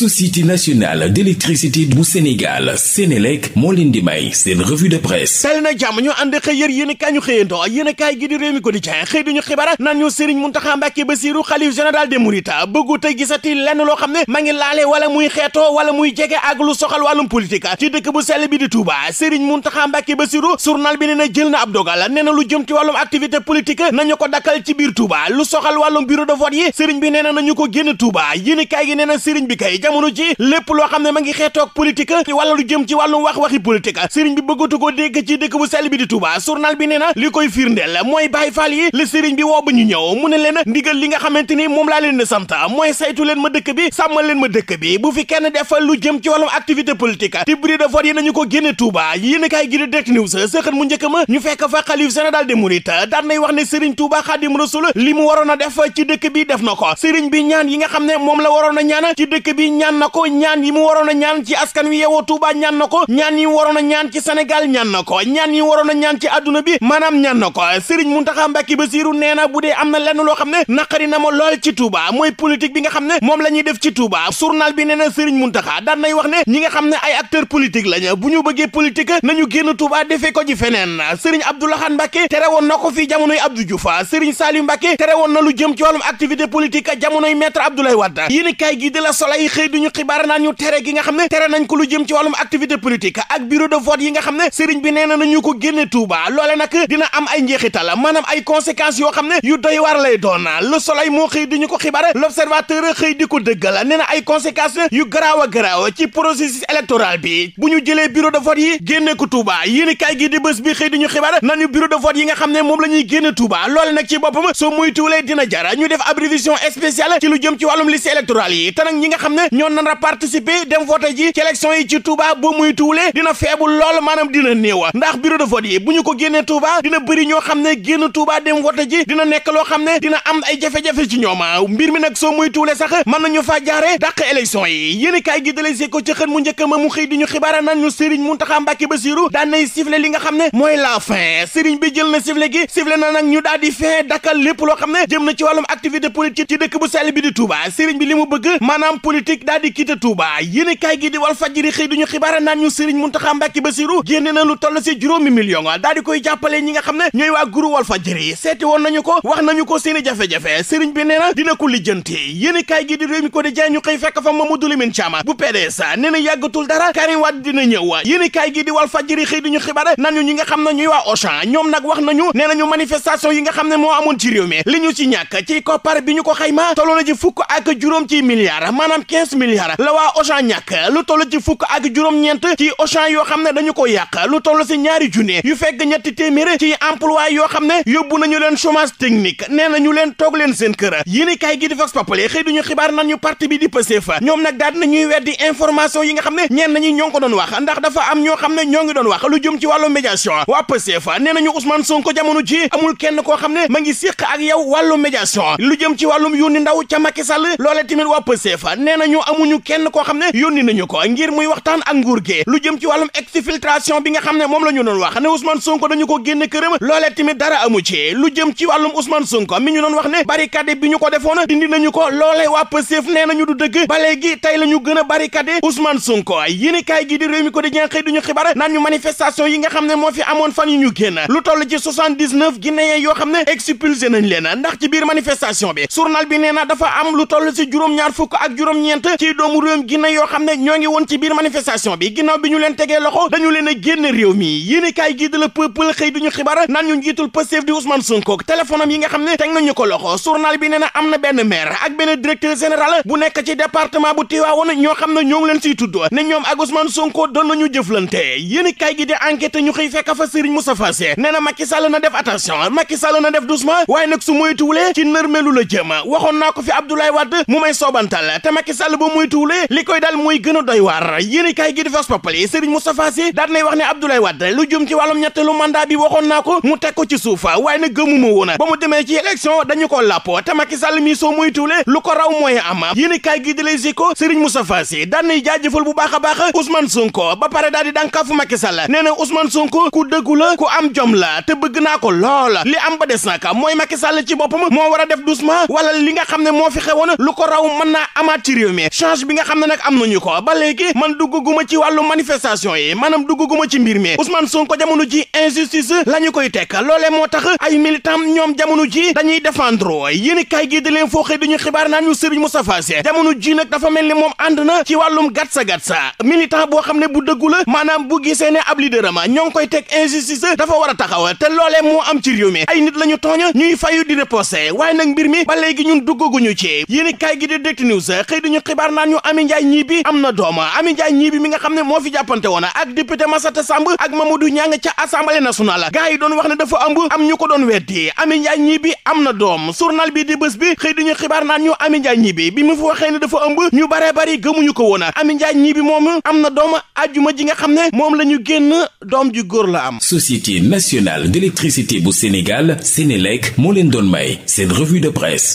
société nationale d'électricité bu Sénégal Sénélec moo leen di may seen revue de presse tali na jàmm ñu ànd xëy yër yéen i kaay ñu xëyantoo yéen i kaay gi di réew mi ko di jaay xëy duñu xibaar naan ñu Serigne Mountakha Mbacké Bassirou xalif général des Mourides bëggu tey gisati lenn loo xam ne ma ngi laale wala muy xeetoo wala muy jege ak lu soxal wàllum politique ci dëkk bu sell bi di Touba Serigne Mountakha Mbacké Bassirou journal bi nee na jël na ab dogal nee na lu jëm ci wàllum activité politique ko dakkal ci biir Touba lu soxal wàllum bureau de bi nee na nañu ko génn Touba jamono ji lépp loo xam ne ma ngi xeetoog politique wala lu jëm ci wàllum wax waxi politique sëriñ bi bëggatu ko dégg ci dëkk bu sell bi di bi nee li koy firndeel mooy Baay Faal yi la sëriñ bi woo ba ñu ñëw mu ne leen ndigal li nga xamante ni moom laa leen na sant mooy saytu leen ma dëkk bi sàmmal leen ma dëkk bi bu fi kenn defal lu jëm ci wàllum activité politique te bri de vote yi ko génne Touba yéen a kaay gi ñu fekk fa xalif général des li mu waroon a def dëkk bi def na ko sëriñ bi ñaan yi nga xam ne moom la waroon a ñaan ci dëkk bi ñaan na ko ñaan yi mu waroon a ñaan ci askan wi yeewoo Touba ñaan na ko ñaan yi mu waroon ñaan ci Sénégal ñaan na ko ñaan yi mu waroon a ñaan ci adduna bi maanaam ñaan na ko Serigne Mountakha Mbacké Bassirou nee na bu dee am na lenn loo xam ne naqari na ma lool ci Touba mooy politique bi nga xam ne moom la ñuy def ci Touba journal bi nee na Serigne Mountakha daan nay wax ne ñi nga xam ne ay acteur politique lañu bu ñu bëggee politique nañu génn Touba defee ko ci feneen Serigne Abdoulaye Mbacké tere woon na ko fii jamonoy Abdou Diouf Serigne Saliou Mbacké tere woon na lu jëm ci wàllum activité politique jamonoy maître Abdoulaye Wade yéen kay gi de la Soleil duñu xibaar naan ñu tere gi nga xam ne tere nañ ko lu jëm ci wàllum activité politique ak bureau de vote yi nga xam ne sëriñ bi neena na nañu ko génne Touba loole nag dina am ay njeexital maanaam ay conséquences yoo xam ne yu doy war lay doon Le Soleil moo xëy duñu ko xibaar L'Observateur xëy di ko dëggal nee na ay conséquences yu garaaw a garaaw ci processus électoral bi bu ñu jëlee bureau de génne ko Touba yéen kay gi di bés bi xëy duñu xibaar nañu bureau de vote yi nga xam ne moom la ñuy génne Touba loole nag ci boppam soo muy tuulee dina jara ñu def ab révision ci lu jëm ci wàllum liste électorale yi te nag ñi nga xam ne ñoon nan a participer dem voté ji ci élection yi ci Touba ba muy tuule dina feebul lool maanaam dina néewa ndax bureau de vote yi bu ñu ko génnee Touba dina bëri ñoo xam ne génn Touba dem voté ji dina nekk loo xam ne dina am ay jafe-jafe ci ñooma mbir mi nag soo muy tuule sax mën nañu faa jaare dàq élection yi yéen kaay gi dalee ko mu njëkk ma mu xëy di ñu xibaara nan ñu Serigne Mountakha Mbacké Bassirou daan nay sifflé li nga xam ne mooy la fin Serigne bi jël na sifflé gi sifflé na nag ñu daal di fin dakkal lépp loo xam ne jëm na ci wàllum activité politique ci dëkk bu sell bi di bi li mu bëgg maanaam politique daal di quitté Touba yéen kaay gi di wal fajiri xëy duñu xibaara naan ñu Serigne Mountakha Mbacké Bassirou génne na lu toll si juróomi million daal di koy jàppale ñi nga xam ne ñooy waa guru wal fajiri seeti woon nañu ko wax nañu ko seeni jafe-jafe Serigne bi nee na dina ko lijjanti yéen kaay gi di réew mi ko di jaay ñu xëy fekk fa Mamadou Lamine Thiam bu PDS nee na yàggatul dara Karim Wade dina ñëw yéen kaay gi di wal fajiri xëy duñu xibaara naan ñu ñi nga xam ne ñuy waa ñoom nag wax nañu nee nañu manifestation yi nga xam ne moo amoon ci réew mi li ñu ci ñàkk ci koppar ko xayma tollu na ci fukk ak juróom ci milliards maanaam 15 quinze milliards la waa Auchan ñàkk lu toll ci fukk ak juróom-ñeent ci Auchan yoo xam ne dañu ko yàq lu toll si ñaari junne yu fekk ñetti téeméer ci emploi yoo xam ne yóbbu nañu leen chômage technique nee nañu leen toog leen seen kër yéen kay gi di Vox Populi xëy xibaar nan ñu parti bi di Pastef ñoom nag daal dinañuy weddi information yi nga xam ne ñeen nañu ñu ngi ko doon wax ndax dafa am ñoo xam ne ñoo ngi doon wax lu jëm ci wàllu médiation waa Pastef nee nañu kenn koo xam ne ma ngi séq ak yow wàllu médiation lu jëm ci wàllum yónni ndaw ca Macky Sall loole tamit waa nee nañu ñooñu amuñu kenn koo xam ne yónni nañu ko ngir muy waxtaan ak nguur gee lu jëm ci wàllum exfiltration bi nga xam ne moom la ñu doon wax ne Ousmane Sonko dañu ko génne këram loolee tamit dara amu ci lu jëm ci wàllum Ousmane Sonko mi ñu doon wax ne barricade bi ñu ko defoon dindi nañu ko loole waa Pastef nee nañu du dëgg ba léegi tey la ñu gën a barricade Ousmane Sonko yéene kaay gi di réew mi ko di jenxëy duñu xibaar naan ñu manifestation yi nga xam ne moo fi amoon fan yi ñu génn lu toll ci 79 guinéen yoo xam ne expulsé nañ leen ndax ci biir manifestation bi journal bi nee na dafa am lu toll ci juróom fukk ak juróom ci doomu réewum Guinée yoo xam ne ñoo ngi woon ci biir manifestation bi ginnaaw bi ñu leen tegee loxo dañu leen a génn réew mi yéene kaay gi la peuple xëy duñu xibaar naan ñu njiitul Pastef di Ousmane Sonko téléphone yi nga xam ne teg nañu ko loxo journal bi nee na am na benn maire ak benn directeur général bu nekk ci département bu Tivaouane ñoo xam ne ñoo ngi leen siy tudd ne ñoom ak Ousmane Sonko doon nañu jëflante yéene kaay gi di enquête ñu xëy fekk fa na Macky Sall na def attention Macky Sall na def doucement waaye nag su moytuwulee ci nërmelu la jëm waxoon naa ko fi Abdoulaye Wade mu may soobantal ba moytuwulee li koy daal mooy gën a doy waar yéen i kaay gi di Vox Populi Serigne Moustapha Sy daat nay wax ne Abdoulaye Wade lu jëm ci wàllum ñetteelu mandat bi waxoon naa ko mu teg ko ci suufa waaye nag gëmuma woona ba mu demee ci élection dañu ko làppo te Macky Sall mi soo moytuwulee lu ko raw mooy am yéen i kaay gi di Les Échos Serigne Moustapha Sy daat nay jaajëfal bu baax a baax Ousmane Sonko ba pare daal di dànkaafu Macky Sall nee na Ousmane Sonko ku dëggu la ku am jom la te naa ko lool li am ba des nag mooy Macky Sall ci boppam moo war a def doucement wala li nga xam ne moo fi xewoon lu ko raw mën naa amaat ci réew change bi nga xam ne nag am nañu ko ba léegi man dugguma ci wàllu manifestation yi maanaam dugguma ci mbir mi Ousmane Sonko jamono ji injustice la ñu koy teg loolee moo tax ay militan ñoom jamono ji dañuy défendre yéen kay gi di leen foo xëy duñu xibaar na ñu Serigne Moussa Fass jamono ji nag dafa mel ni moom ànd na ci wàllum gatsa gatsa militant boo xam ne bu dëggu la maanaam bu gisee ne ab leader ñoo ngi koy teg injustice dafa war a taxaw te loolee moo am ci réew mi ay la ñu tooñ ñuy fayu di reposé waaye nag mbir mi ba léegi ñun duggaguñu ci yéen gi di direct news xëy dañu xibaar xibaar naan ñu Ami Ndiaye ñiibi am na dooma Ami Ndiaye ñiibi mi nga xam ne moo fi jàppante woon ak député Massata Samb ak Mamadou Niang ca assemblée nationale gars yi doon wax ne dafa ëmb am ñu ko doon weddi Ami Ndiaye ñiibi am na doom journal bi di bés bi xëy di ñu xibaar naan ñu Ami Ndiaye ñiibi bi mu fi waxee ne dafa ëmb ñu baree bari gëmuñu ko woon Ami Ndiaye ñiibi moom am na doom ajjuma ji nga xam ne moom la ñu génn doom ju góor la am. Société nationale d'électricité bu Sénégal Sénélec moo leen doon may seen revue de presse.